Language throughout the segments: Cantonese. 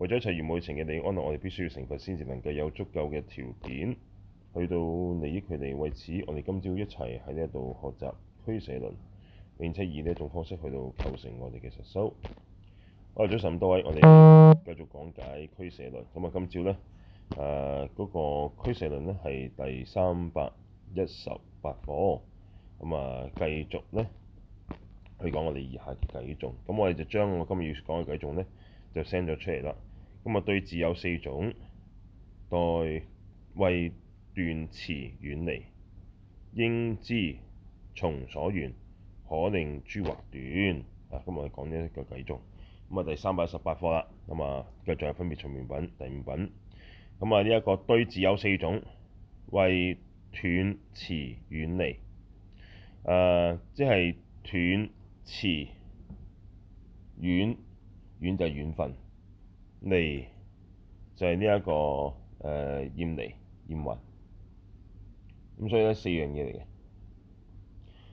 為咗一切圓滿有情嘅利益安樂，我哋必須要成佛先至能夠有足夠嘅條件去到利益佢哋。為此，我哋今朝一齊喺呢一度學習俱舍論，並且以呢一種方式去到構成我哋嘅實修。好啦，早晨咁多位，我哋繼續講解俱舍論。咁啊，今朝咧，誒、那、嗰個俱舍論咧係第三百一十八課。咁啊，繼續咧去講我哋以下嘅偈頌。咁我哋就將我今日要講嘅偈頌咧，就 send 咗出嚟啦。咁啊、嗯，對治有四種，待為斷持遠離，應知從所緣，可令諸惑斷。啊、嗯，今日我哋講呢一個繼續。咁、嗯、啊，第三百一十八課啦。咁、嗯、啊，繼續分別隨眠品第五品。咁、嗯、啊，呢、這、一個對治有四種，為斷持遠離。誒、呃，即係斷持遠遠就係遠分。離就係呢一個誒，厭離厭欲。咁所以咧，四樣嘢嚟嘅。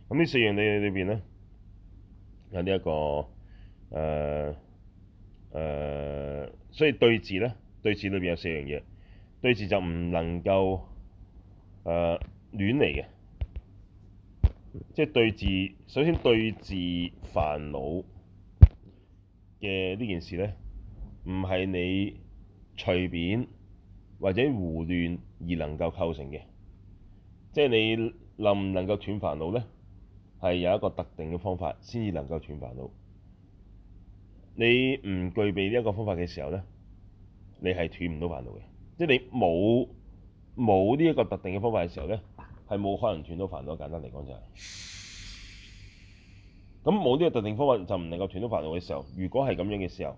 咁呢四樣嘢裏邊咧，有呢一個誒誒，所以對治咧，對治裏邊有四樣嘢。對治就唔能夠誒亂嚟嘅，即係對治。首先對治煩惱嘅呢件事咧。唔係你隨便或者胡亂而能夠構成嘅，即係你能唔能夠斷煩惱呢？係有一個特定嘅方法先至能夠斷煩惱。你唔具備呢一個方法嘅時候呢，你係斷唔到煩惱嘅。即係你冇冇呢一個特定嘅方法嘅時候呢，係冇可能斷到煩惱。簡單嚟講就係、是、咁，冇呢個特定方法就唔能夠斷到煩惱嘅時候。如果係咁樣嘅時候。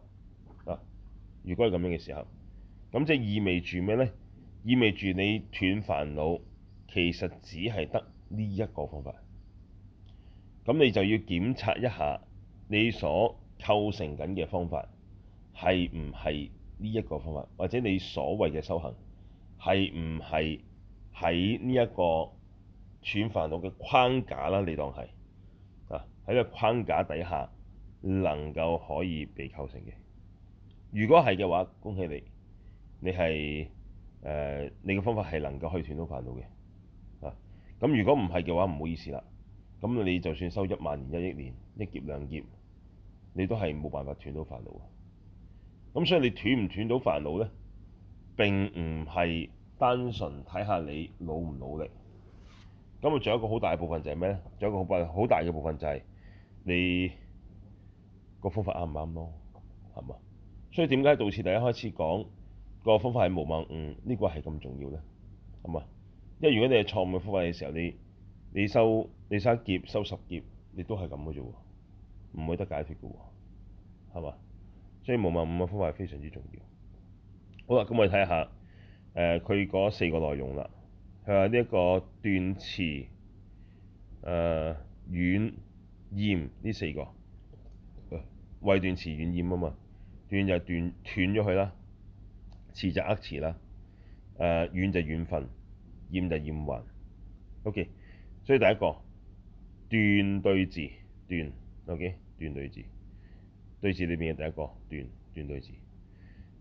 如果係咁樣嘅時候，咁即係意味住咩呢？意味住你斷煩惱，其實只係得呢一個方法。咁你就要檢查一下，你所構成緊嘅方法係唔係呢一個方法，或者你所謂嘅修行係唔係喺呢一個斷煩惱嘅框架啦？你當係啊喺個框架底下能夠可以被構成嘅。如果係嘅話，恭喜你，你係誒、呃，你嘅方法係能夠去斷到煩惱嘅啊。咁如果唔係嘅話，唔好意思啦。咁你就算收一萬年、一億年、一劫兩劫，你都係冇辦法斷到煩惱啊。咁所以你斷唔斷到煩惱咧？並唔係單純睇下你努唔努力。咁啊，仲有一個好大嘅部分就係咩咧？仲有一個好大好大嘅部分就係你個方法啱唔啱咯，係嘛？所以點解道次第一開始講個方法係無謬誤呢，呢個係咁重要咧？係嘛？因為如果你係錯誤嘅方法嘅時候，你你修你一劫修十劫，你都係咁嘅啫喎，唔會得解脫嘅喎，係嘛？所以無謬誤嘅方法係非常之重要。好啦，咁我哋睇下誒佢嗰四個內容啦。佢話呢一個斷持誒、呃、遠厭呢四個謂、呃、斷持遠厭啊嘛。斷就斷，斷咗佢啦；持就持持呃持啦；誒，遠就遠分，厭就厭患。O K，所以第一個斷對治，斷。O、okay? K，斷對治，對治裏邊嘅第一個，斷斷對治。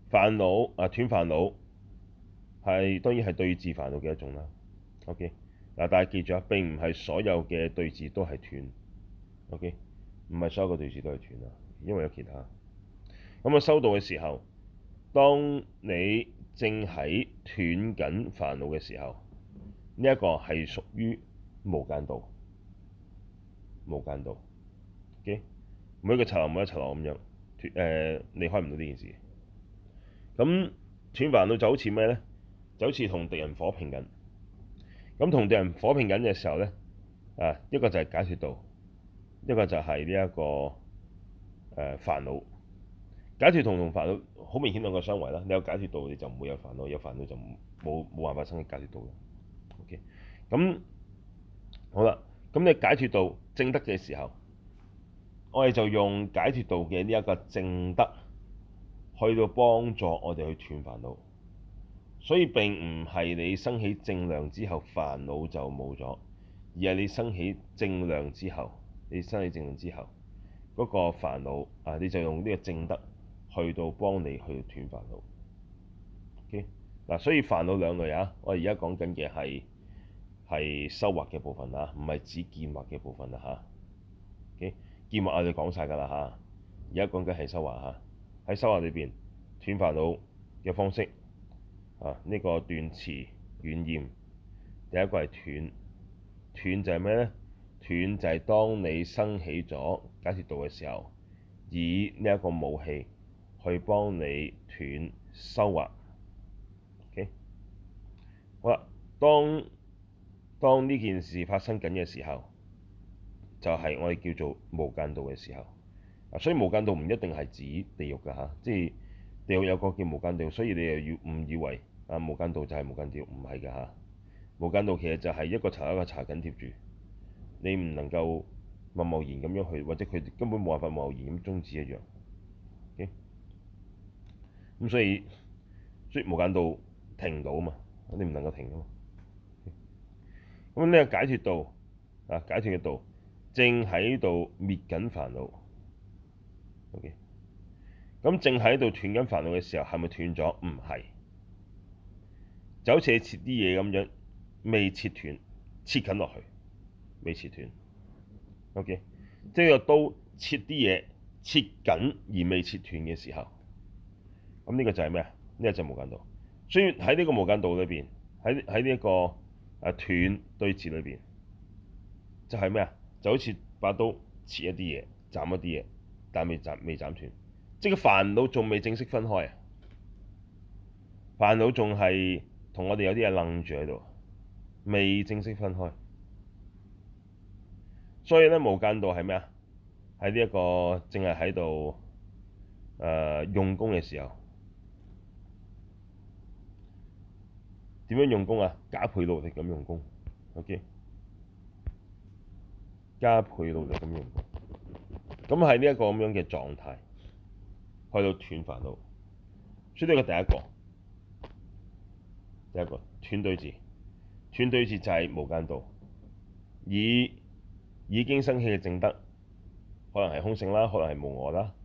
煩惱啊，斷煩惱係當然係對治煩惱嘅一種啦。O K，嗱，大家記住啊，並唔係所有嘅對治都係斷。O K，唔係所有嘅對治都係斷啊，因為有其他。咁啊！收到嘅時候，當你正喺斷緊煩惱嘅時候，呢、這、一個係屬於無間道、無間道、okay? 每一個層樓，每一個層樓咁樣脫誒離開唔到呢件事。咁斷煩惱就好似咩咧？就好似同敵人火拼緊。咁同敵人火拼緊嘅時候咧，啊一個就係解脫道，一個就係呢一個誒、呃、煩惱。解脫同煩惱，好明顯兩個相違啦。你有解脫道，你就唔會有煩惱；有煩惱就冇冇辦法生起解脫道啦。OK，咁好啦。咁你解脫道正德嘅時候，我哋就用解脫道嘅呢一個正德去到幫助我哋去斷煩惱。所以並唔係你生起正量之後煩惱就冇咗，而係你生起正量之後，你生起正量之後嗰個煩惱啊，你就用呢個正德。去到幫你去斷煩惱。O K 嗱，所以煩惱兩類、okay? 腦啊。我而家講緊嘅係係修惑嘅部分啦，唔係指見惑嘅部分啦嚇。見惑我哋講晒㗎啦嚇，而家講緊係修惑嚇。喺修惑裏邊斷煩惱嘅方式啊，呢個斷持遠厭。第一個係斷斷就係咩咧？斷就係當你生起咗解脱道嘅時候，以呢一個武器。去幫你斷收穫。OK，好啦，當當呢件事發生緊嘅時候，就係、是、我哋叫做無間道嘅時候。啊，所以無間道唔一定係指地獄㗎嚇，即係地獄有個叫無間地獄，所以你又要誤以為啊無間道就係無間地獄，唔係㗎嚇。無間道其實就係一個查一個查緊貼住，你唔能夠貿貿然咁樣去，或者佢根本冇辦法貿貿然咁終止一樣。咁所以，所以無間道停唔到啊嘛，你唔能夠停噶嘛。咁呢個解脫道啊，解脫嘅道，正喺度滅緊煩惱。O K，咁正喺度斷緊煩惱嘅時候，係咪斷咗？唔係，就好似你切啲嘢咁樣，未切斷，切緊落去，未切斷。O K，即係個刀切啲嘢，切緊而未切斷嘅時候。咁呢個就係咩啊？呢個就係無間道，所以喺呢個無間道裏邊，喺喺呢一個啊斷對峙裏邊，就係咩啊？就好似把刀切一啲嘢，斬一啲嘢，但未斬未斬斷，即係煩惱仲未正式分開啊！煩惱仲係同我哋有啲嘢楞住喺度，未正式分開。所以咧，無間道係咩啊？喺呢一個正係喺度誒用功嘅時候。點樣用功啊？加倍努力咁用功，OK？加倍努力咁用功，咁係呢一個咁樣嘅狀態，去到斷煩惱，所以呢個第一個，第一個斷對治，斷對治就係無間道，以已經生起嘅正德，可能係空性啦，可能係無我啦，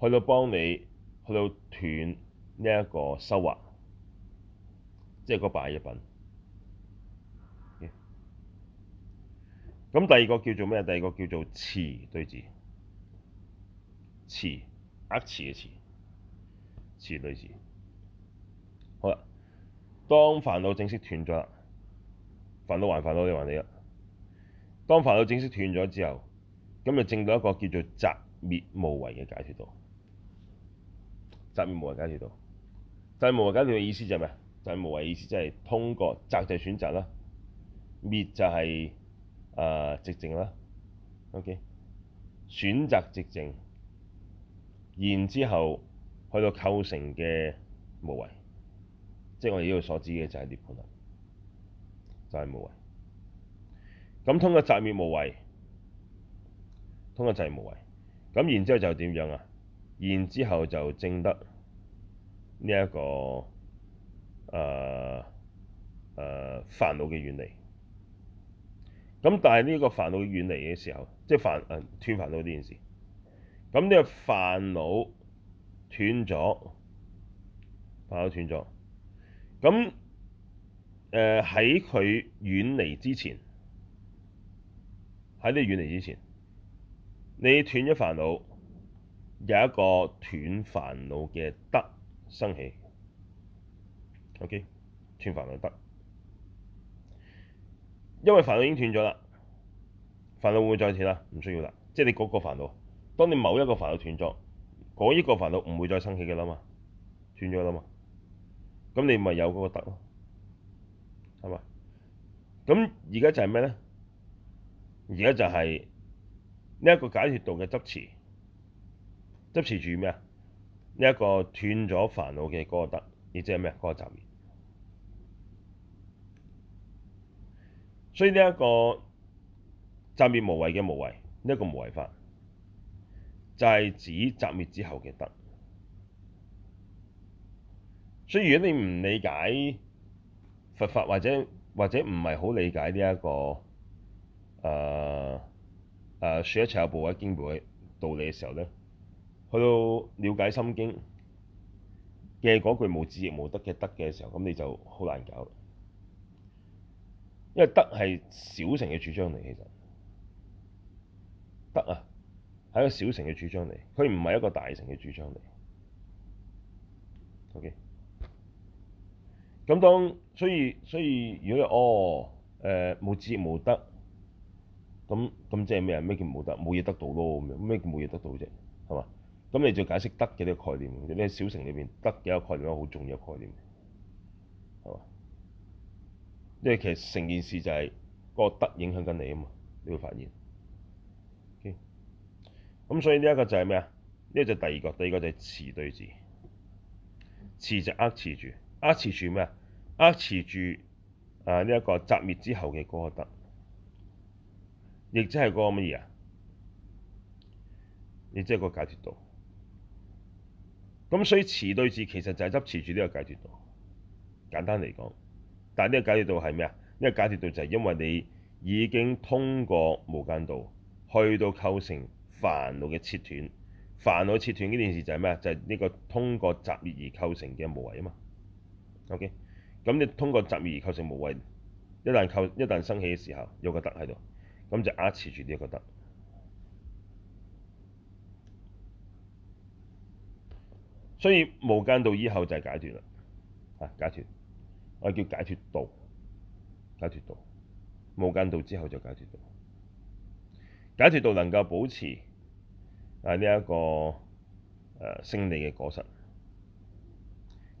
去到幫你去到斷呢一個收穫。即係個擺一品。咁、yeah. 第二個叫做咩？第二個叫做持對治。持，呃持嘅持，持對治。好啦，當煩惱正式斷咗啦，煩惱還煩惱，你還你啦。當煩惱正式斷咗之後，咁就證到一個叫做擇滅無為嘅解脫道。擇滅無為解脫道，擇滅無為解脫嘅意思就係咩？就係無為意思，即、就、係、是、通過擇就選擇啦，滅就係啊寂靜啦。O.K. 選擇寂靜，然之後去到構成嘅無為，即係我哋呢度所指嘅就係涅槃，就係、是、無為。咁通過擇滅無為，通過擇無為，咁然之後就點樣啊？然之後就證得呢一個。誒誒、呃呃、煩惱嘅遠離，咁但係呢個煩惱遠離嘅時候，即係煩誒、啊、斷煩惱呢件事，咁呢個煩惱斷咗，煩惱斷咗，咁誒喺佢遠離之前，喺你遠離之前，你斷咗煩惱，有一個斷煩惱嘅「得」生起。O K，斷煩惱得，因為煩惱已經斷咗啦。煩惱會唔會再斷啦？唔需要啦。即係你嗰個煩惱，當你某一個煩惱斷咗，嗰一個煩惱唔會再生起嘅啦嘛，斷咗啦嘛。咁你咪有嗰個得咯，係嘛？咁而家就係咩咧？而家就係呢一個解脫道嘅執持，執持住咩啊？呢、這、一個斷咗煩惱嘅嗰個得，亦即係咩啊？嗰、那個擇滅。所以呢、這、一個擇滅無為嘅無為，呢、這、一個無為法，就係、是、指擇滅之後嘅得。所以如果你唔理解佛法，或者或者唔係好理解呢、這個啊啊、一個誒誒說一切有部或經部嘅道理嘅時候咧，去到了解心經嘅嗰句無智亦無得嘅得嘅時候，咁你就好難搞。因為得係小乘嘅主張嚟，其實得啊係一個小乘嘅主張嚟，佢唔係一個大乘嘅主張嚟。OK，咁當所以所以，所以如果哦誒冇智冇得，咁咁即係咩啊？咩叫冇得？冇嘢得到咯咁樣。咩叫冇嘢得到啫？係嘛？咁你就解釋得嘅呢個概念，你喺小乘裏邊得嘅一個概念，一個好重要嘅概念。因為其實成件事就係嗰個得影響緊你啊嘛，你會發現。咁、okay? 所以呢一個就係咩啊？呢、這個就第二個，第二個就係持對治。持就扼持住，扼持住咩啊？扼持住啊呢一個擇滅之後嘅嗰個得，亦即係嗰個乜嘢啊？亦即係個解脫道。咁所以持對治其實就係執持住呢個解脫道。簡單嚟講。但呢個解脫道係咩啊？呢、這個解脫道就係因為你已經通過無間道去到構成煩惱嘅切斷，煩惱切斷呢件事就係咩啊？就係、是、呢個通過擇滅而構成嘅無為啊嘛。OK，咁你通過擇滅而構成無為，一旦構一旦生起嘅時候有個得喺度，咁就執持住呢個得。所以無間道以後就係解脫啦，啊解脫。我叫解脱道，解脱道無間道之後就解脱道。解脱道能夠保持啊呢一個誒勝利嘅果實，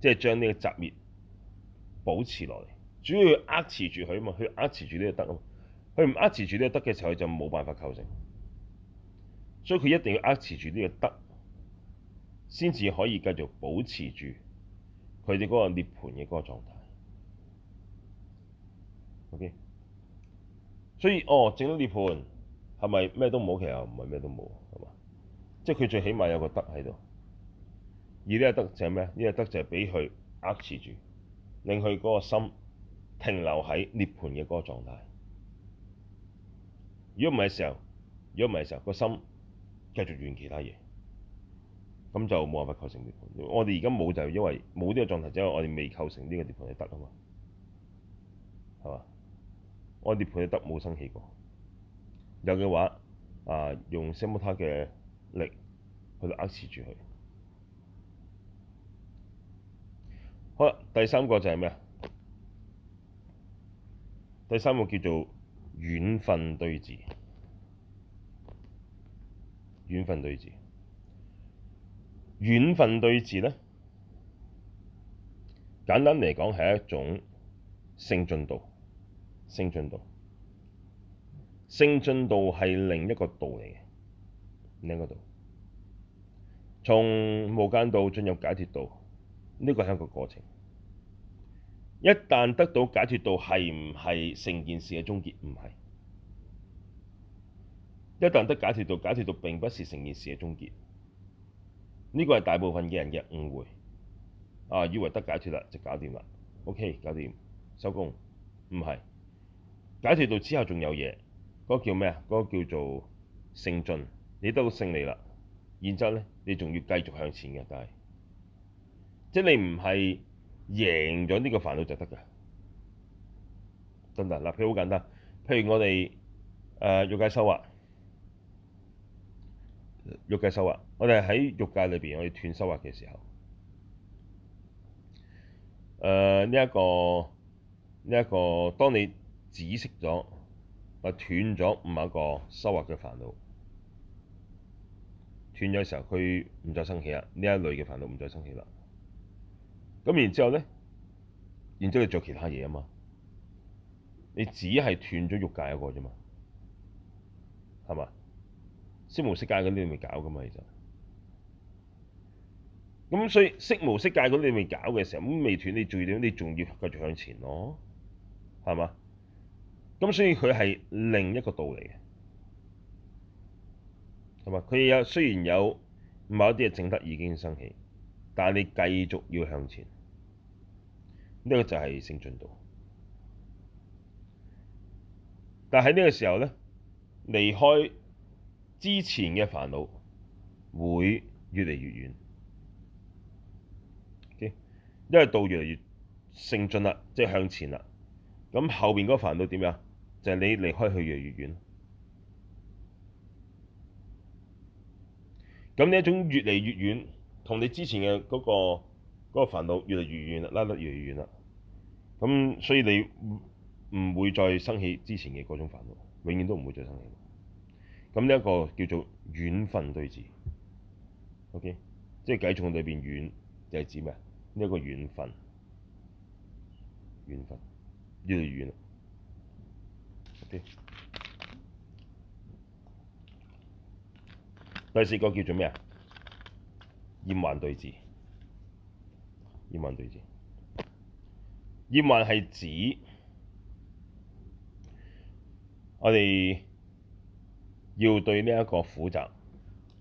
即係將呢個擇滅保持落嚟。主要要執持住佢啊嘛，佢執持住呢個得啊，佢唔執持住呢個得嘅時候，佢就冇辦法構成。所以佢一定要執持住呢個得，先至可以繼續保持住佢哋嗰個涅槃嘅嗰個狀態。Okay. 所以哦，整咗涅盤係咪咩都冇？其實唔係咩都冇，係嘛？即係佢最起碼有個得喺度。而呢個得就係咩？呢個得就係俾佢握持住，令佢嗰個心停留喺涅盤嘅嗰個狀態。如果唔係嘅時候，如果唔係嘅時候，個心繼續緣其他嘢，咁就冇辦法構成涅盤。我哋而家冇就係因為冇呢個狀態，即係我哋未構成呢個涅盤嘅得啊嘛，係嘛？我哋配得，冇生起過。有嘅話，啊，用 s i m 嘅力去呃持住佢。好啦，第三個就係咩啊？第三個叫做遠分對治。遠分對治，遠分對治咧，簡單嚟講係一種勝進道。勝進道，勝進道係另一個道嚟嘅，另一個道，從無間道進入解脫道，呢個係一個過程。一旦得到解脫道，係唔係成件事嘅終結？唔係。一旦得解脫道，解脫道並不是成件事嘅終結。呢個係大部分嘅人嘅誤會，啊，以為得解脫啦，就搞掂啦，OK，搞掂，收工，唔係。解脫道之後，仲有嘢，嗰個叫咩啊？嗰個叫做勝進。你都勝利啦，然之後咧，你仲要繼續向前嘅，但係即係你唔係贏咗呢個煩惱就得嘅，真㗎。嗱，譬如好簡單，譬如我哋誒欲界收穫，欲界收穫，我哋喺欲界裏邊，我哋斷收穫嘅時候，誒呢一個呢一個，當你止息咗，我斷咗某一個收穫嘅煩惱。斷咗嘅時候，佢唔再生起啦。呢一類嘅煩惱唔再生起啦。咁然之後咧，然之後你做其他嘢啊嘛。你只係斷咗欲界一個啫嘛，係嘛？色無色界嗰啲你未搞噶嘛，其實。咁所以色無色界嗰啲你未搞嘅時候，咁未斷你最點？你仲要繼續向前咯，係嘛？咁所以佢係另一個道嚟嘅，係嘛？佢有雖然有某一啲嘅證德已經生起，但係你繼續要向前，呢、這個就係勝進道。但係喺呢個時候咧，離開之前嘅煩惱會越嚟越遠。因為道越嚟越勝進啦，即係向前啦。咁後邊嗰個煩惱點樣？就係你離開佢越嚟越遠，咁呢一種越嚟越遠，同你之前嘅嗰個嗰個煩惱越嚟越遠啦，拉得越嚟越遠啦。咁所以你唔會再生起之前嘅嗰種煩惱，永遠都唔會再生起。咁呢一個叫做遠分對治，OK，即係偈頌裏邊遠就係指咩？呢一個遠分，遠分越嚟越遠啦。第四個叫做咩啊？厭患對治。厭患對治，厭患係指我哋要對呢一個苦集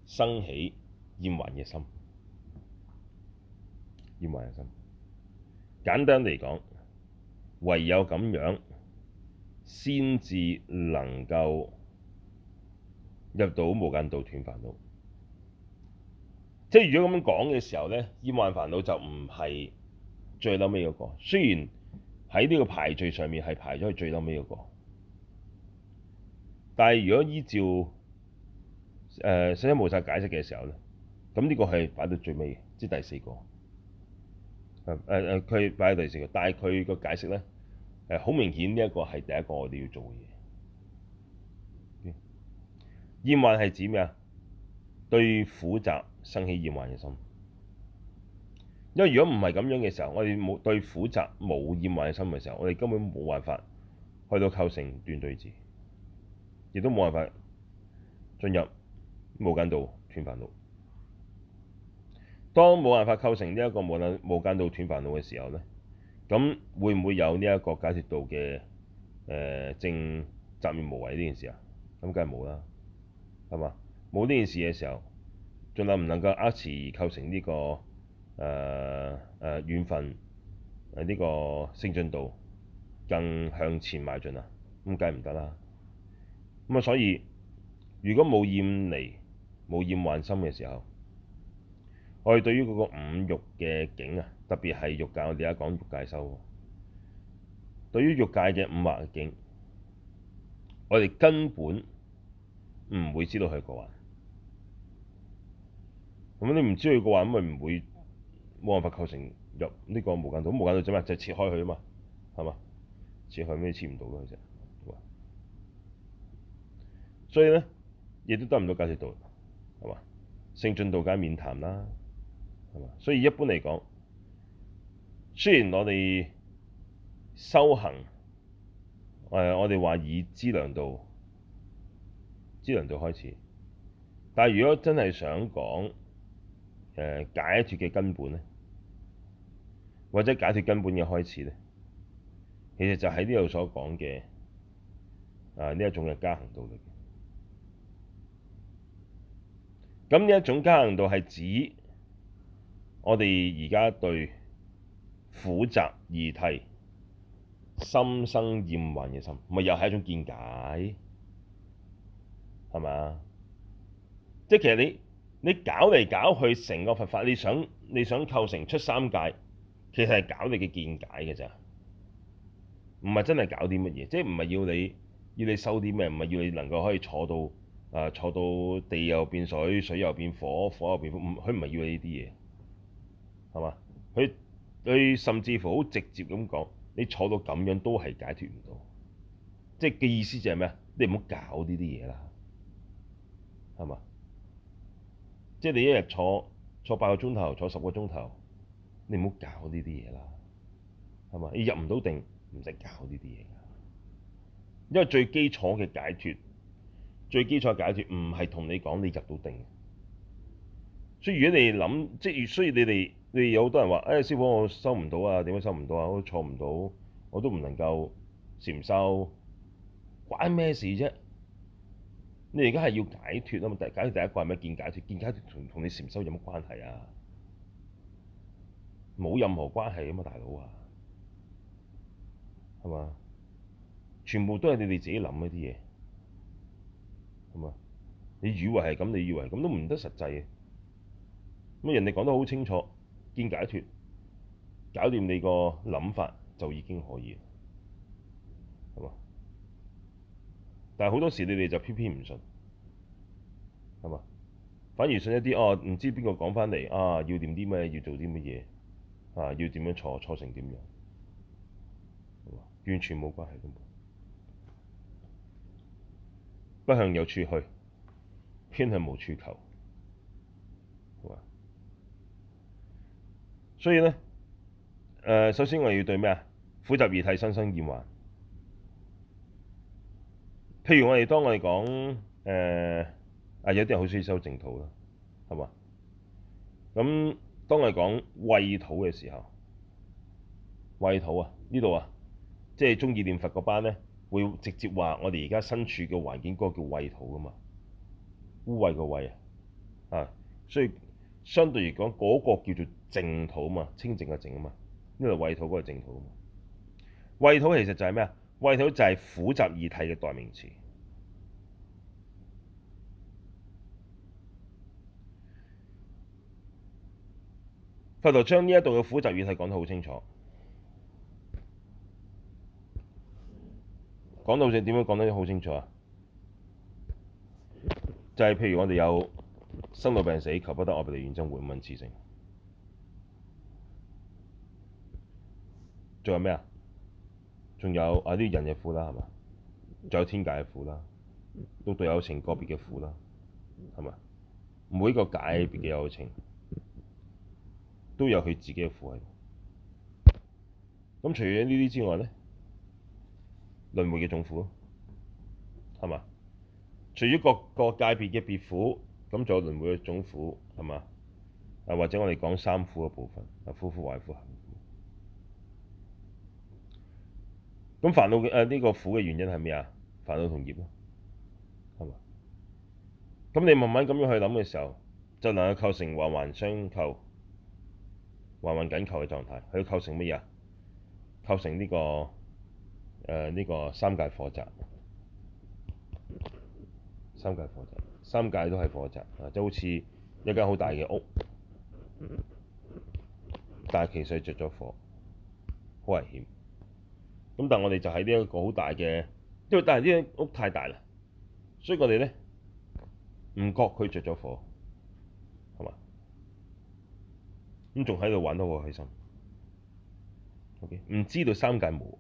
生起厭患嘅心。厭患嘅心。簡單嚟講，唯有咁樣，先至能夠入到無間道斷煩惱，即係如果咁樣講嘅時候咧，厭患煩惱就唔係最嬲尾嗰個。雖然喺呢個排序上面係排咗喺最嬲尾嗰個，但係如果依照誒《十誡無沙》解釋嘅時候咧，咁呢個係擺到最尾嘅，即係第四個。誒、呃、誒，佢、呃、擺到第四個，但係佢個解釋咧。好明顯，呢一個係第一個我哋要做嘅嘢。厭患係指咩啊？對苦集生起厭患嘅心。因為如果唔係咁樣嘅時候，我哋冇對苦集冇厭患嘅心嘅時候，我哋根本冇辦法去到構成斷對治，亦都冇辦法進入無間道斷煩惱。當冇辦法構成呢一個無等無間道斷煩惱嘅時候咧，咁會唔會有呢一個解脫道嘅誒證擇滅無為呢件事啊？咁梗係冇啦，係嘛？冇呢件事嘅時候，仲能唔能夠遏持構成呢、這個誒誒遠分誒呢個勝進道更向前邁進啊？咁梗係唔得啦。咁啊，所以如果冇厭離冇厭患心嘅時候，我哋對於嗰個五欲嘅境啊～特別係欲界，我哋而家講欲界修。對於欲界嘅五惑境，我哋根本唔會知道佢個話。咁你唔知道佢個話，咁咪唔會冇辦法構成入、這、呢個無間道。咁無間道做咩？就係、切開佢啊嘛，係嘛？切開咩？切唔到咯，其實。所以咧，亦都得唔到解脫道，係嘛？勝進道梗係，免談啦，係嘛？所以一般嚟講。雖然我哋修行，誒、呃，我哋話以資糧道、資糧道開始，但係如果真係想講誒解脫嘅根本咧，或者解脫根本嘅開始咧，其實就喺呢度所講嘅啊呢一種嘅加行道嚟嘅。咁呢一種加行道係指我哋而家對。苦集二諦，心生厭患嘅心，咪又係一種見解，係咪啊？即係其實你你搞嚟搞去，成個佛法，你想你想構成出三界，其實係搞你嘅見解嘅咋。唔係真係搞啲乜嘢，即係唔係要你要你修啲咩？唔係要你能夠可以坐到啊、呃，坐到地又變水，水又變火，火又變火，唔佢唔係要你呢啲嘢，係嘛？佢。.對，甚至乎好直接咁講，你坐到咁樣都係解脱唔到，即係嘅意思就係咩啊？你唔好搞呢啲嘢啦，係嘛？即係你一日坐坐八個鐘頭，坐十個鐘頭，你唔好搞呢啲嘢啦，係嘛？你入唔到定，唔使搞呢啲嘢㗎。因為最基礎嘅解脱，最基礎嘅解脱唔係同你講你入到定。所以如果你諗，即係越需要你哋。你有好多人話：誒、哎、師傅，我收唔到啊，點解收唔到啊？我都坐唔到，我都唔能夠禪修，關咩事啫？你而家係要解脱啊嘛！第，假如第一個係咪見解脱？見解脱同同你禪修有乜關係啊？冇任何關係啊嘛，大佬啊，係嘛？全部都係你哋自己諗嗰啲嘢，係嘛？你以為係咁，你以為咁都唔得，實際嘅，咁人哋講得好清楚。兼解脫，搞掂你個諗法就已經可以，但係好多時你哋就偏偏唔信，反而信一啲哦，唔知邊個講翻嚟啊？要念啲咩？要做啲乜嘢？啊？要點、啊、樣錯？錯成點樣？完全冇關係都冇，不向有處去，偏向無處求。所以咧，誒、呃、首先我哋要對咩啊？苦集二諦深生厭患。譬如我哋當我哋講誒啊，有啲人好中意修淨土啦，係嘛？咁當我哋講穢土嘅時候，穢土啊，呢度啊，即係中意念佛個班咧，會直接話我哋而家身處嘅環境嗰個叫穢土噶嘛，污穢個穢啊，啊，所以相對嚟講嗰個叫做淨土嘛，清淨嘅淨啊嘛，呢度穢土，嗰個淨土啊穢土，土其實就係咩啊？穢土就係苦集二諦嘅代名詞。佛就將呢一度嘅苦集二諦講得好清楚。講到最點樣講得好清楚啊？就係、是、譬如我哋有生老病死，求不得我征，我哋願證無明恆性。仲有咩啊？仲有啊啲人嘅苦啦，係嘛？仲有天界嘅苦啦，都對友情個別嘅苦啦，係嘛？每一個界別嘅友情都有佢自己嘅苦係。咁除咗呢啲之外咧，輪回嘅總苦，係嘛？除咗各各界別嘅別苦，咁仲有輪回嘅總苦，係嘛？啊或者我哋講三苦嘅部分啊，苦苦、壞苦。咁煩惱嘅誒呢個苦嘅原因係咩啊？煩惱同業咯，係嘛？咁你慢慢咁樣去諗嘅時候，就能夠構成環環相扣、環環緊扣嘅狀態。佢構成乜嘢啊？構成呢個誒呢個三界火宅，三界火宅，三界都係火宅啊！即係好似一間好大嘅屋，但係其實着咗火，好危險。咁但係我哋就喺呢一個好大嘅，因為但係呢間屋太大啦，所以我哋咧唔覺佢着咗火，係嘛？咁仲喺度玩得好開心，OK？唔知道三界無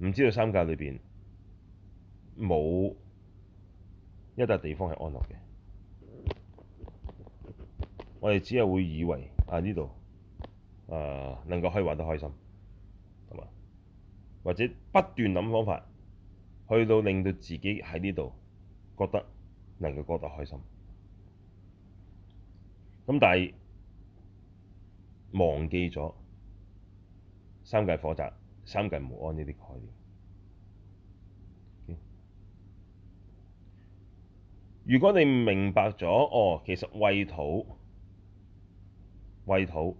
安，唔知道三界裏邊冇一笪地方係安樂嘅，我哋只係會以為啊呢度啊能夠可以玩得開心。或者不斷諗方法，去到令到自己喺呢度覺得能夠過得開心。咁但係忘記咗三界火宅、三界無安呢啲概念。Okay? 如果你明白咗，哦，其實穢土穢土，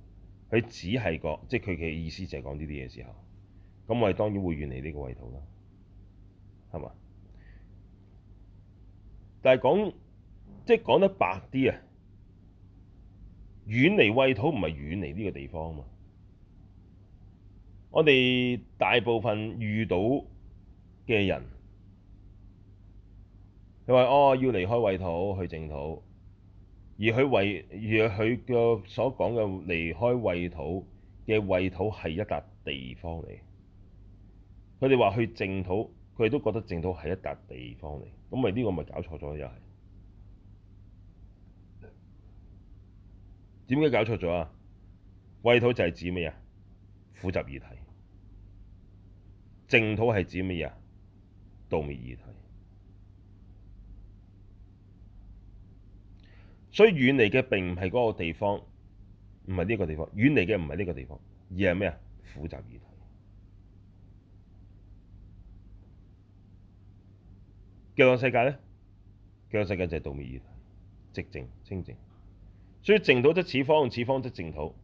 佢只係個即係佢嘅意思，就係講呢啲嘢時候。咁我哋當然會遠離呢個穢土啦，係嘛？但係講即係講得白啲啊，遠離穢土唔係遠離呢個地方嘛。我哋大部分遇到嘅人，佢話：哦，要離開穢土去淨土，而佢位而佢嘅所講嘅離開穢土嘅穢土係一笪地方嚟。佢哋話去淨土，佢哋都覺得淨土係一笪地方嚟，咁咪呢個咪搞錯咗又係？點解搞錯咗啊？穢土就係指咩啊？苦集二諦。淨土係指咩啊？道滅二諦。所以遠離嘅並唔係嗰個地方，唔係呢個地方，遠離嘅唔係呢個地方，而係咩啊？苦集二諦。極樂世界呢？極樂世界就係道滅二，寂靜清淨，所以淨土即此方，此方即淨土，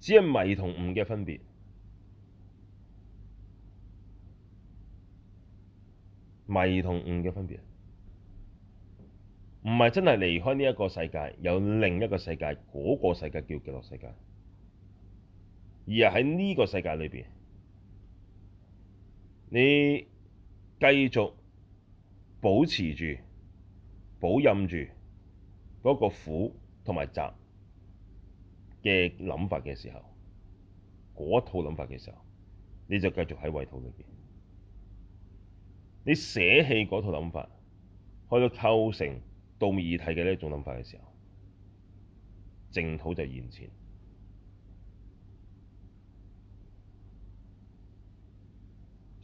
只係迷同悟嘅分別，迷同悟嘅分別，唔係真係離開呢一個世界，有另一個世界，嗰個世界叫極樂世界，而係喺呢個世界裏邊。你繼續保持住、保任住嗰個苦同埋集嘅諗法嘅時候，嗰套諗法嘅時候，你就繼續喺穢土裏邊。你捨棄嗰套諗法，去到構成到二諦嘅呢一種諗法嘅時候，淨土就現前。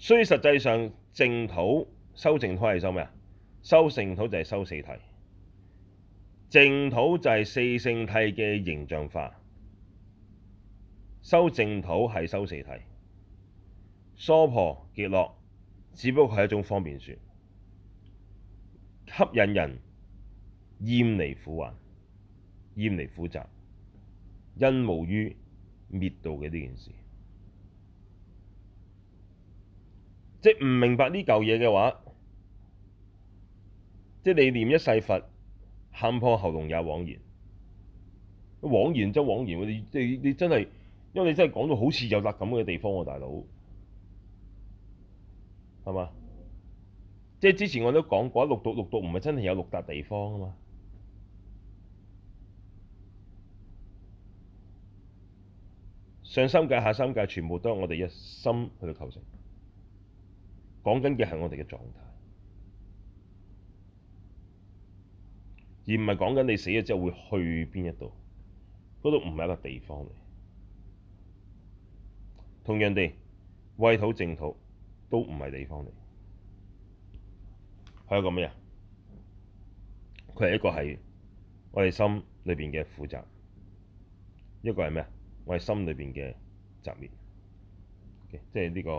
所以實際上淨土修淨土係修咩啊？修淨土就係修四諦，淨土就係四聖諦嘅形象化。修淨土係修四諦，娑婆極樂，只不過係一種方便說，吸引人厭離苦患、厭離苦集，欣慕於滅道嘅呢件事。即係唔明白呢嚿嘢嘅話，即係你念一世佛，喊破喉嚨也枉然。枉然即係枉然，你你你真係，因為你真係講到好似有笪咁嘅地方喎，大佬，係嘛？即係之前我都講過，六道六道唔係真係有六笪地方啊嘛。上三界下三界全部都係我哋一心去到構成。講緊嘅係我哋嘅狀態，而唔係講緊你死咗之後會去邊一度？嗰度唔係一個地方嚟。同樣地，穢土淨土都唔係地方嚟。係一個咩啊？佢係一個係我哋心裏邊嘅負責，一個係咩啊？我哋心裏邊嘅擇滅，即係呢、這個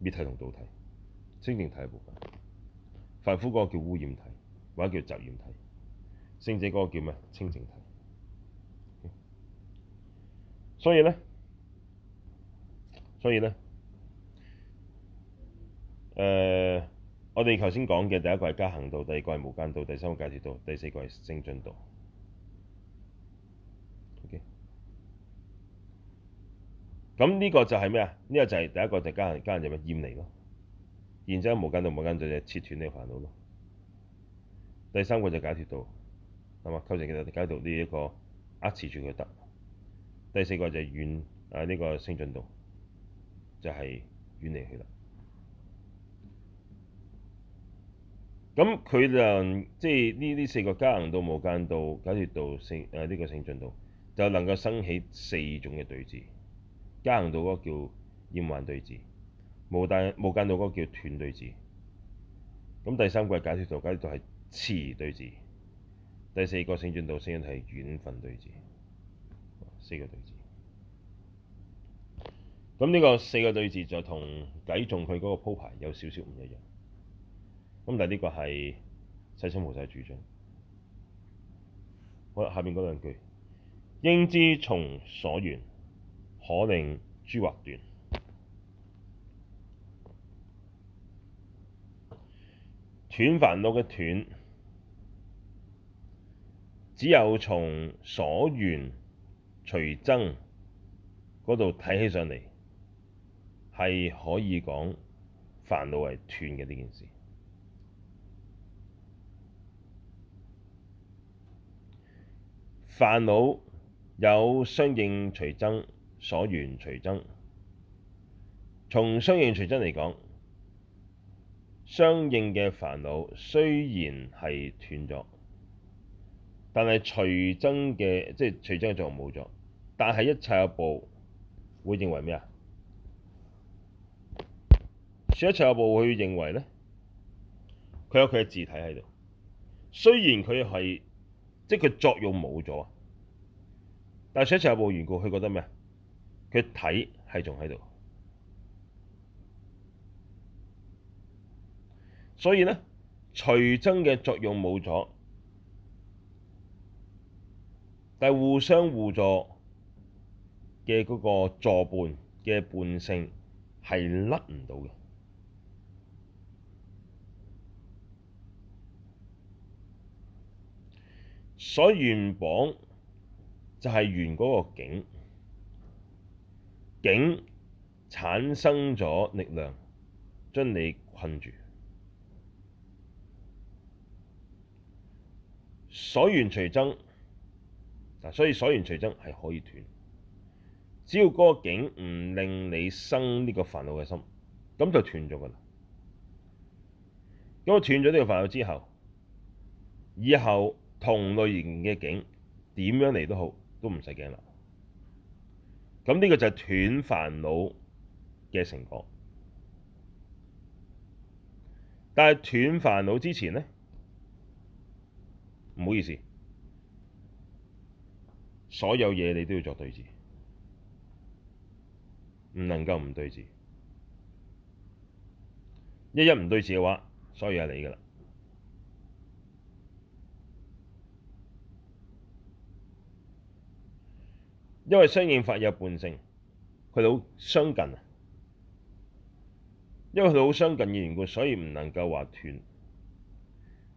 滅體同道體。清淨體部分，凡夫嗰個叫污染體，或者叫雜染體，聖者嗰個叫咩？清淨體。所以咧，所以咧，誒，我哋頭先講嘅第一個係加行道，第二個係無間道，第三個解脫道，第四個係勝進道。O K，咁呢個就係咩啊？呢個就係第一個就加行，加行就咪染泥咯。然之後無間道，無間道就切斷呢個煩惱咯。第三個就解脫道，係嘛，構成其實解脫道呢一個執持住佢得。第四個就遠啊，呢個勝進道就係遠離佢啦。咁佢就，即係呢呢四個加行道無間道，間道解脫道勝啊呢、呃這個勝進道，就能夠生起四種嘅對治。加行道嗰個叫厭患對治。冇帶無間道嗰個叫斷對治，咁第三個係解脫道，解脫道係持對治，第四個勝進道，勝進係遠分對治，四個對治。咁呢個四個對治就同偈頌佢嗰個鋪排有少少唔一樣，咁但係呢個係世親、無曬主張。好，下面嗰兩句，應知從所緣，可令諸惑斷。斷煩惱嘅斷，只有從所緣隨增嗰度睇起上嚟，係可以講煩惱係斷嘅呢件事。煩惱有相應隨增、所緣隨增。從相應隨增嚟講。相應嘅煩惱雖然係斷咗，但係隨增嘅，即係隨增嘅作用冇咗，但係一切有部會認為咩啊？所以一切有部會認為咧，佢有佢嘅自體喺度，雖然佢係即係佢作用冇咗，但係一切有部緣故佢覺得咩啊？佢體係仲喺度。所以呢，隨增嘅作用冇咗，但互相互助嘅嗰個助伴嘅伴性係甩唔到嘅。所緣縛就係緣嗰個境，境產生咗力量，將你困住。所緣隨增，所以所緣隨增係可以斷，只要嗰個境唔令你生呢個煩惱嘅心，咁就斷咗噶啦。咁我斷咗呢個煩惱之後，以後同類型嘅境點樣嚟都好，都唔使驚啦。咁呢個就係斷煩惱嘅成果。但係斷煩惱之前呢？唔好意思，所有嘢你都要作對治，唔能夠唔對治。一一唔對治嘅話，所以係你嘅啦。因為相應法有伴性，佢哋好相近啊。因為佢哋好相近嘅緣故，所以唔能夠話斷。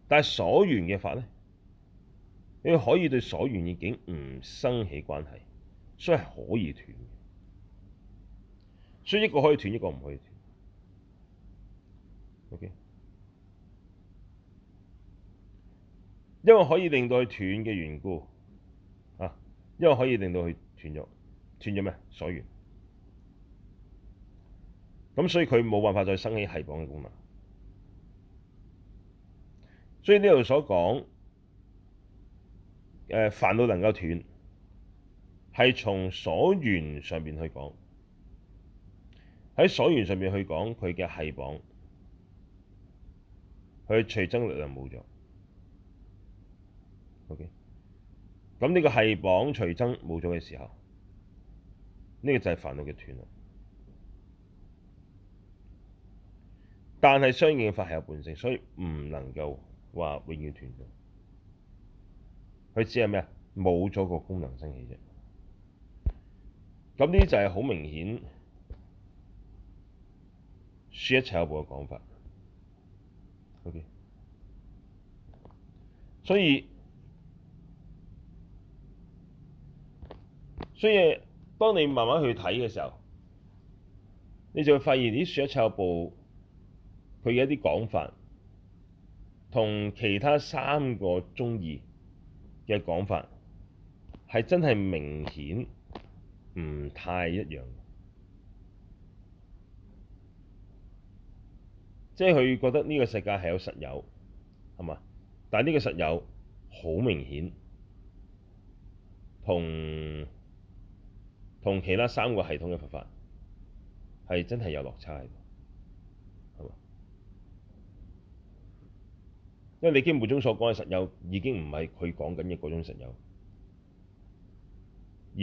但係所緣嘅法咧。因佢可以對所緣現境唔生起關係，所以係可以斷嘅。所以一個可以斷，一個唔可以斷。O、okay? K，因為可以令到佢斷嘅緣故啊，因為可以令到佢斷咗，斷咗咩？所緣。咁所以佢冇辦法再生起繫縛嘅功能。所以呢度所講。誒，煩惱能夠斷，係從所緣上面去講，喺所緣上面去講佢嘅繫縛，佢隨增力量冇咗。OK，咁呢個繫縛隨增冇咗嘅時候，呢、這個就係煩惱嘅斷啦。但係相應嘅法係有伴性，所以唔能夠話永遠斷咗。佢只係咩啊？冇咗個功能生起啫。咁呢啲就係好明顯說一切有部嘅講法。O.K.，所以所以當你慢慢去睇嘅時候，你就會發現啲說一切有部佢嘅一啲講法同其他三個中意。嘅講法係真係明顯唔太一樣，即係佢覺得呢個世界係有實有，係嘛？但係呢個實有好明顯同同其他三個系統嘅佛法係真係有落差嘅。因為你經沒中所講嘅實有已經唔係佢講緊嘅嗰種實有，而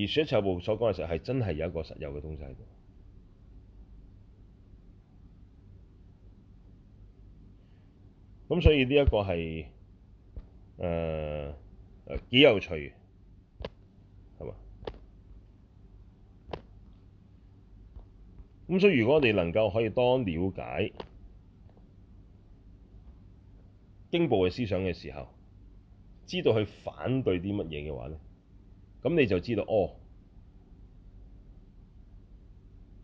而雪球部所講嘅實有係真係有一個實有嘅東西喺度。咁所以呢一個係誒誒幾有趣，係嘛？咁所以如果你能夠可以多了解。經部嘅思想嘅時候，知道去反對啲乜嘢嘅話咧，咁你就知道哦，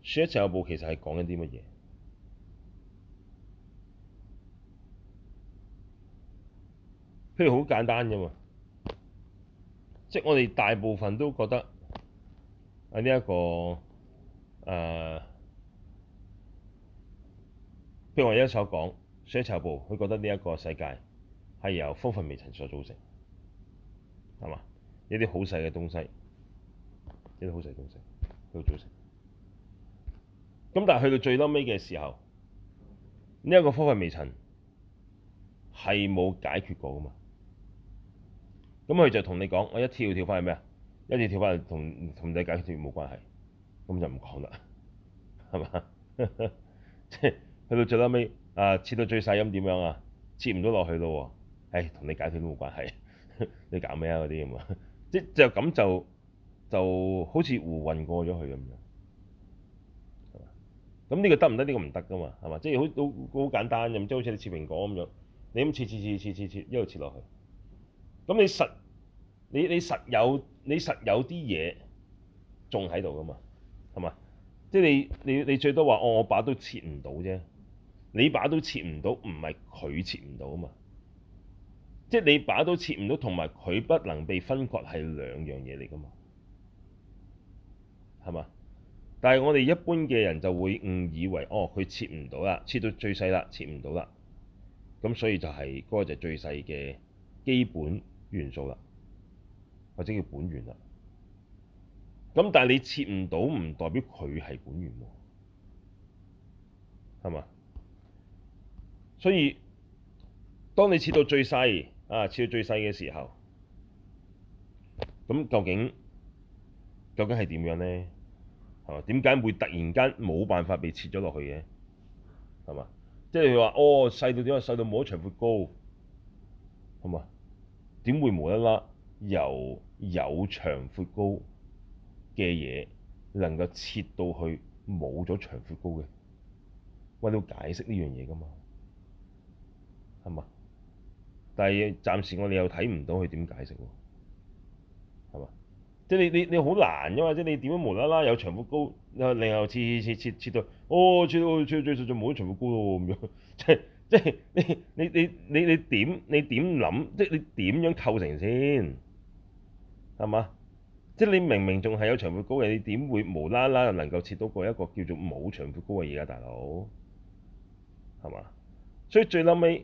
説一切有部其實係講緊啲乜嘢？譬如好簡單啫嘛，即係我哋大部分都覺得喺呢一個誒，譬如我而家所講。水草部，佢覺得呢一個世界係由方分微塵所組成，係嘛？一啲好細嘅東西，一啲好細嘅東西，佢組成。咁但係去到最撚尾嘅時候，呢、這、一個方分微塵係冇解決過噶嘛？咁佢就同你講：我一跳跳翻去咩啊？一跳跳翻去同同你解決冇關係，咁就唔講啦，係嘛？即 係去到最撚尾。啊！切到最細咁點樣啊？切唔到落去咯喎！誒，同你解決都冇關係，你搞咩啊？嗰啲咁啊，即就咁就就好似胡混過咗去咁樣，係嘛？咁呢個得唔得？呢個唔得噶嘛，係嘛？即係好好好簡單咁，即係好似你切蘋果咁樣，你咁切切切切切切一路切落去，咁你實你你實有你實有啲嘢仲喺度噶嘛，係嘛？即係你你你最多話我我把都切唔到啫。你把刀切唔到，唔係佢切唔到啊嘛。即係你把刀切唔到，同埋佢不能被分割係兩樣嘢嚟㗎嘛，係嘛？但係我哋一般嘅人就會誤以為哦，佢切唔到啦，切到最細啦，切唔到啦。咁所以就係嗰個就最細嘅基本元素啦，或者叫本源啦。咁但係你切唔到唔代表佢係本源喎，係嘛？所以，當你切到最細啊，切到最細嘅時候，咁究竟究竟係點樣呢？係嘛？啊，點解會突然間冇辦法被切咗落去嘅？係嘛？即係佢話：哦，細到點解細到冇咗長闊高，係嘛？點會無啦啦由有長闊高嘅嘢能夠切到去冇咗長闊高嘅？啊，為咗解釋呢樣嘢㗎嘛？係嘛？但係暫時我哋又睇唔到佢點解釋喎，係嘛？即係你你你好難啫嘛，即係你點樣無啦啦有長幅高，然後切切切切到哦，切到最最最冇長幅高咯，咁樣，即係即係你你你你你點你點諗？即係你點樣構成先？係嘛？即係你明明仲係有長幅高嘅，你點會無啦啦能夠切到過一個叫做冇長幅高嘅嘢㗎，大佬？係嘛？所以最撚尾。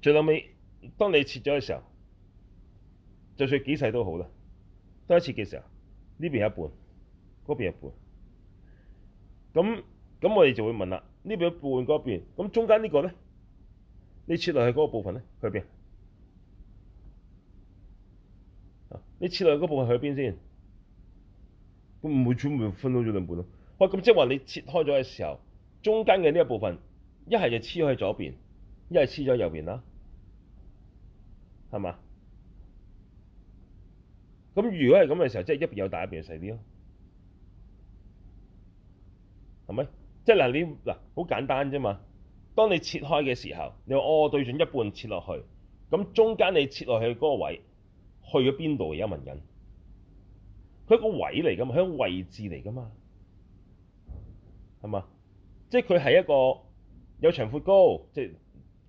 最後尾，當你切咗嘅時候，就算幾細都好啦。當你切嘅時候，呢邊一半，嗰邊一半。咁咁我哋就會問啦：呢邊一半，嗰邊咁中間呢個咧？你切落去嗰個部分咧，去邊？你切落去嗰部分去邊先？唔會專門分到咗兩半咯。喂，咁即係話你切開咗嘅時候，中間嘅呢一部分，一係就黐喺左邊。一係黐咗右邊啦，係嘛？咁如果係咁嘅時候，即係一邊有大一邊有細啲咯，係咪？即係嗱，你嗱好簡單啫嘛。當你切開嘅時候，你話哦對準一半切落去，咁中間你切落去嗰個位去咗邊度？而家問緊，佢個位嚟噶嘛？係個位置嚟噶嘛？係嘛？即係佢係一個有長闊高，即係。.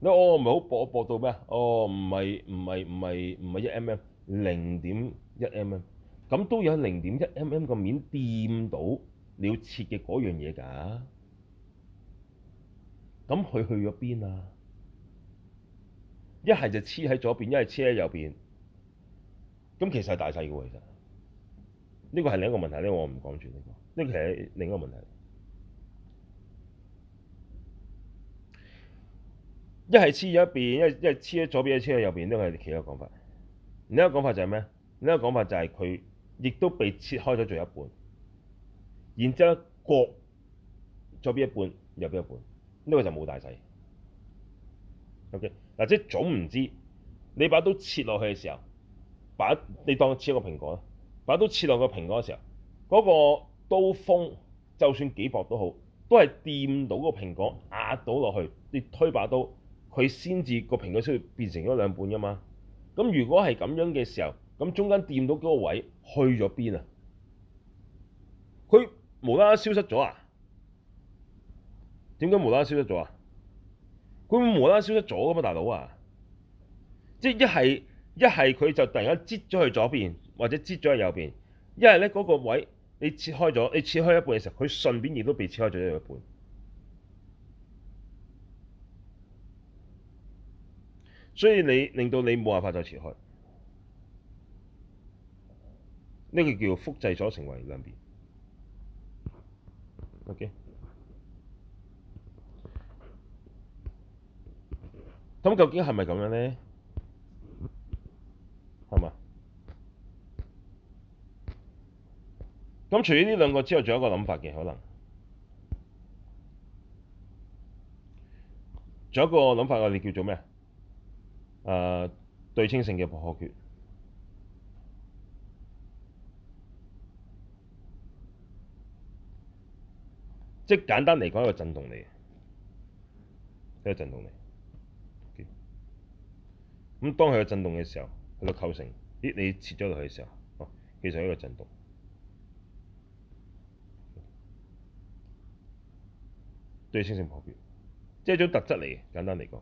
你哦唔係好薄，薄到咩？哦唔係唔係唔係唔係一 mm，零點一 mm，咁都有零點一 mm 個面掂到你要切嘅嗰樣嘢㗎。咁佢去咗邊啊？一係就黐喺左邊，一係黐喺右邊。咁其實係大細嘅，其實呢個係另一個問題咧，呢個、我唔講住呢個。呢、呢個係另一個問題。一係黐咗一邊，一一係黐咗左邊，一黐咗右邊，呢個係其他講法。另一個講法就係咩？另一個講法就係佢亦都被切開咗，做一半，然之後割左邊一半，右邊一半，呢、這個就冇大細。O K 嗱，即係總唔知你把刀切落去嘅時候，把你當切個蘋果啦，把刀切落個蘋果嘅時候，嗰、那個刀鋒就算幾薄都好，都係掂到個蘋果壓到落去，你推把刀。佢先至個平均線變成咗兩半噶嘛，咁如果係咁樣嘅時候，咁中間掂到嗰個位去咗邊啊？佢無啦啦消失咗啊？點解無啦啦消失咗啊？佢會無啦啦消失咗噶嘛，大佬啊！即係一係一係佢就突然間擠咗去左邊，或者擠咗去右邊；一係咧，嗰個位你切開咗，你切開一半嘅時候，佢順便亦都被切開咗一半。所以你令到你冇辦法再切開，呢個叫做複製咗成為兩邊。OK。咁究竟係咪咁樣呢？係嘛？咁除咗呢兩個之外，仲有一個諗法嘅可能，仲有一個諗法，我哋叫做咩？誒、呃、對稱性嘅破缺，即係簡單嚟講一個震動嚟嘅。一個震動嚟。咁當佢有震動嘅、okay. 時候，佢個構成，咦？你切咗落去嘅時候，哦，其實係一個震動，對稱性破缺，即係一種特質嚟嘅，簡單嚟講。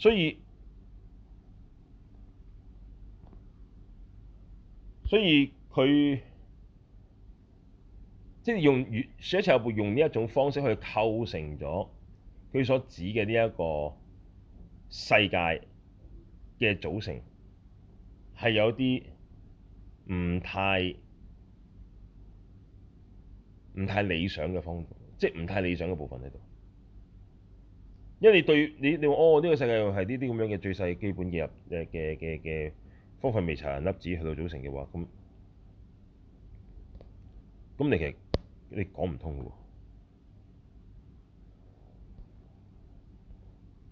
所以，所以佢即係用《粵寫越雪上》用呢一種方式去構成咗佢所指嘅呢一個世界嘅組成，係有啲唔太唔太理想嘅方，即係唔太理想嘅部分喺度。因為你對你你哦呢個世界係呢啲咁樣嘅最細基本嘅入嘅嘅嘅嘅方分微塵粒子去到組成嘅話，咁咁你其實你講唔通喎？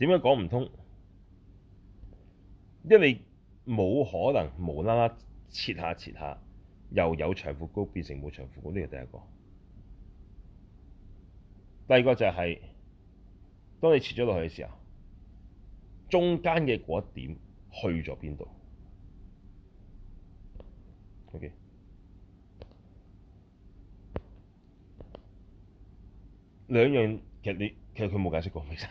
點樣講唔通？因為你冇可能無啦啦切下切下由有長闊高變成冇長闊高。呢個第一個，第二個就係。當你切咗落去嘅時候，中間嘅嗰一點去咗邊度？OK，兩樣其實你其實佢冇解釋過，其實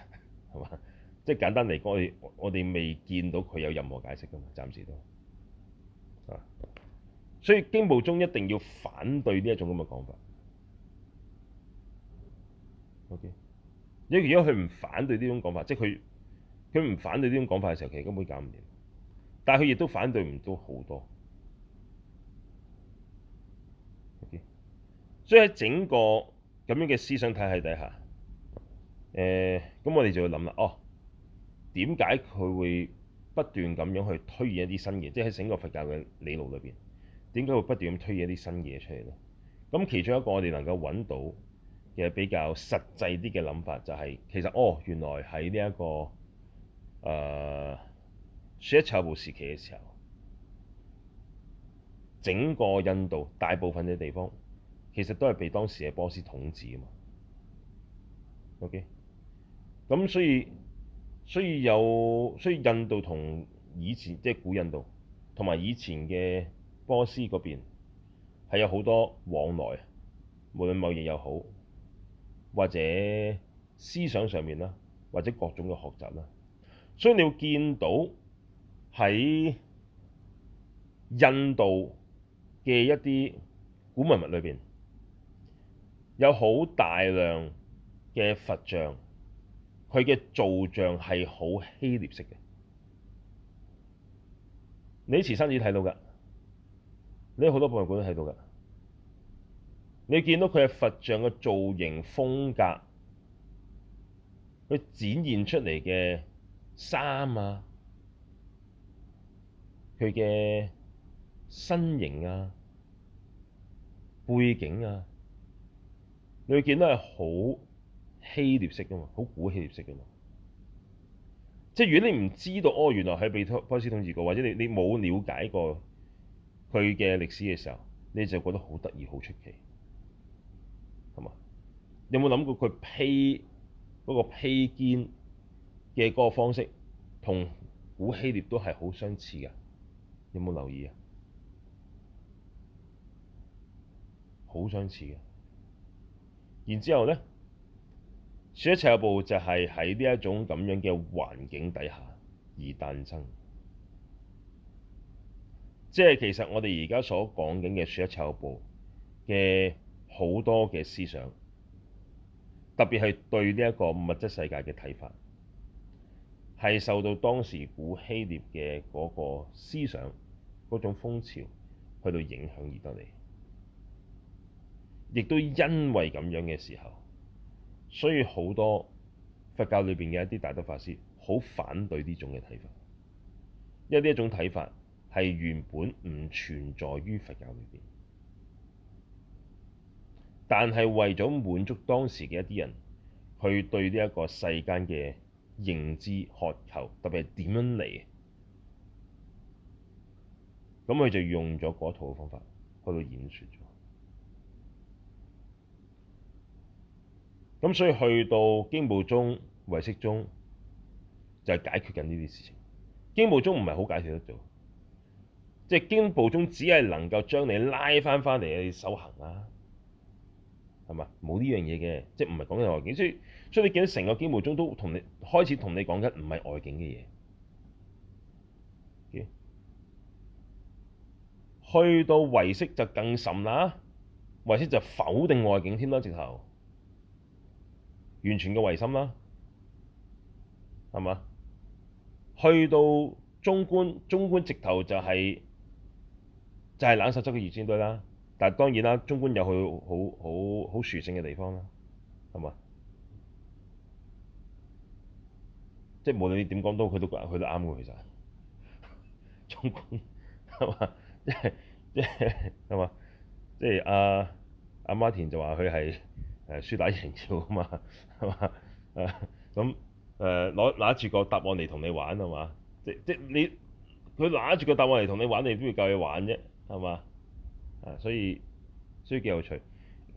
係嘛？即 係簡單嚟講，我我哋未見到佢有任何解釋㗎嘛，暫時都啊。所以經部中一定要反對呢一種咁嘅講法。OK。因為如果佢唔反對呢種講法，即係佢佢唔反對呢種講法嘅時候，其實根本搞唔掂。但係佢亦都反對唔到好多。Okay. 所以喺整個咁樣嘅思想體系底下，誒、呃，咁我哋就要諗啦，哦，點解佢會不斷咁樣去推演一啲新嘢？即係喺整個佛教嘅理路裏邊，點解會不斷咁推演一啲新嘢出嚟咯？咁其中一個我哋能夠揾到。其實比較實際啲嘅諗法就係、是、其實哦，原來喺呢一個誒雪恵朝代時期嘅時候，整個印度大部分嘅地方其實都係被當時嘅波斯統治啊嘛。OK，咁所以所以有所以印度同以前即係、就是、古印度同埋以前嘅波斯嗰邊係有好多往來，無論貿易又好，或者思想上面啦，或者各種嘅學習啦，所以你要見到喺印度嘅一啲古文物裏邊，有好大量嘅佛像，佢嘅造像係好希臘式嘅。你喺慈山寺睇到嘅，你好多博物館都睇到嘅。.你見到佢嘅佛像嘅造型風格，佢展現出嚟嘅衫啊，佢嘅身形啊、背景啊，你會見到係好希臘式噶嘛，好古希臘式噶嘛。即係如果你唔知道，哦，原來係被波斯統治過，或者你你冇了解過佢嘅歷史嘅時候，你就覺得好得意、好出奇。有冇諗過佢披嗰個披肩嘅嗰個方式，同古希臘都係好相似嘅？有冇留意啊？好相似嘅。然之後咧，說一切有部就係喺呢一種咁樣嘅環境底下而誕生，即係其實我哋而家所講緊嘅說一切有部嘅好多嘅思想。特別係對呢一個物質世界嘅睇法，係受到當時古希臘嘅嗰個思想嗰種風潮去到影響而得嚟，亦都因為咁樣嘅時候，所以好多佛教裏邊嘅一啲大德法師好反對呢種嘅睇法，因為呢一種睇法係原本唔存在於佛教裏邊。但係為咗滿足當時嘅一啲人，去對呢一個世間嘅認知渴求，特別係點樣嚟，咁佢就用咗嗰套方法去到演説咗。咁所以去到經部宗、唯識宗就係、是、解決緊呢啲事情。經部宗唔係好解釋得到，即係經部宗只係能夠將你拉翻翻嚟去修行啦。係嘛？冇呢樣嘢嘅，即係唔係講緊外境。所以所以你見到成個經文中都同你開始同你講緊唔係外境嘅嘢。去到唯識就更甚啦，唯識就否定外境添啦，直頭完全嘅唯心啦，係嘛？去到中觀，中觀直頭就係、是、就係、是、冷手執嘅二見對啦。但係當然啦，中觀有佢好好好殊勝嘅地方啦，係嘛？即係無論你點講都，佢都佢都啱嘅其實。中觀係嘛？即係即係係嘛？即係阿阿媽田就話佢係誒輸打贏要啊嘛，係啊嘛？誒咁誒攞攞住個答案嚟同你玩啊嘛？即即你佢攞住個答案嚟同你玩，你邊度夠佢玩啫，係嘛？啊，所以所以幾有趣。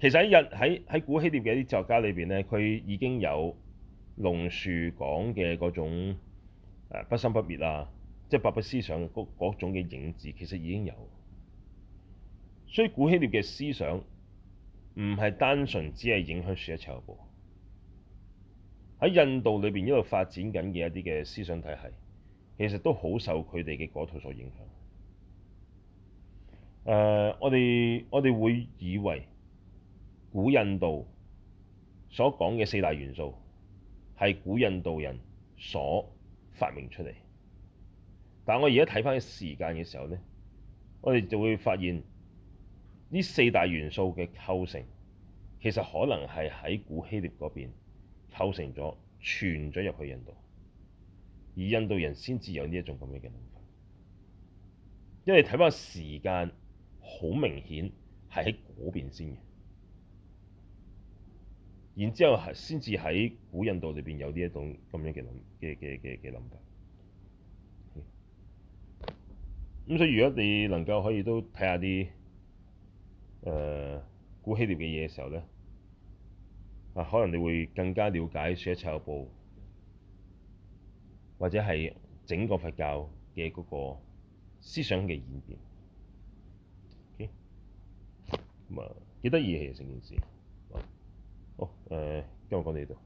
其實一日喺喺古希臘嘅一啲作家裏邊咧，佢已經有龍樹講嘅嗰種不生不滅啊，即係佛的思想嗰種嘅影子其實已經有。所以古希臘嘅思想唔係單純只係影響樹一籌喎。喺印度裏邊一路發展緊嘅一啲嘅思想體系，其實都好受佢哋嘅嗰套所影響。誒, uh，我哋我哋會以為古印度所講嘅四大元素係古印度人所發明出嚟，但我而家睇翻嘅時間嘅時候咧，我哋就會發現呢四大元素嘅構成其實可能係喺古希臘嗰邊構成咗，傳咗入去印度，而印度人先至有呢一種咁樣嘅諗法，因為睇翻時間。好明顯係喺嗰邊先嘅，然之後先至喺古印度裏邊有呢一種咁樣嘅諗嘅嘅嘅嘅諗法。咁所以如果你能夠可以都睇下啲誒古希臘嘅嘢嘅時候咧，啊可能你會更加了解《舍車有報》，或者係整個佛教嘅嗰個思想嘅演變。咁啊，幾得意嘅成件事。好、哦，誒、呃，今日講到呢度。